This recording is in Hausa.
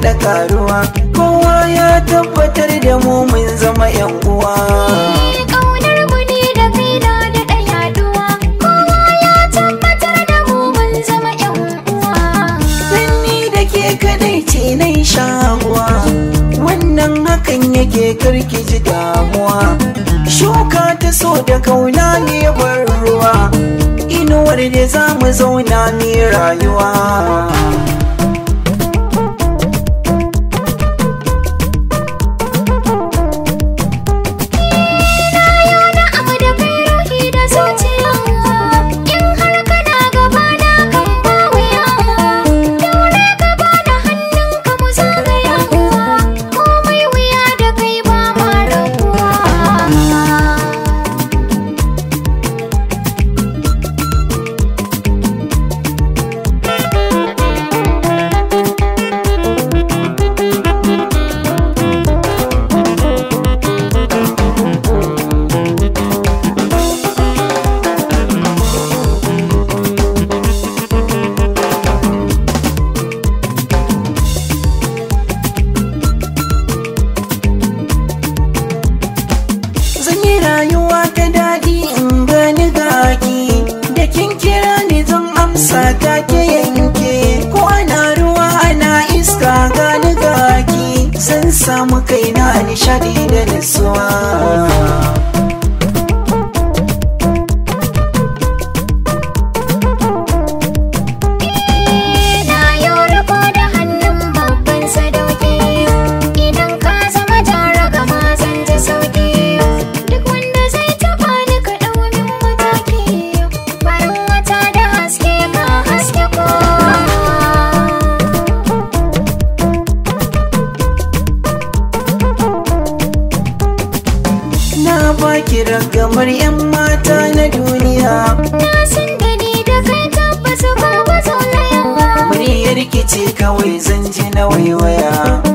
da karuwa kowa ya tabbatar da mu mun zama yan uwa kaunar mu ne da kai na da yaduwa kowa ya tabbatar da mu mun zama yan uwa ni da ke kadai ce nai sha yake karki ji damuwa shuka ta so da kauna ne bar ruwa inuwar da za mu zauna ne rayuwa dan samu kaina nishadi da nasuwa. kira kamar 'yan mata na duniya na san gani da kai tabbas ba ba na yawa muryar kici kawai zan ji na waiwaya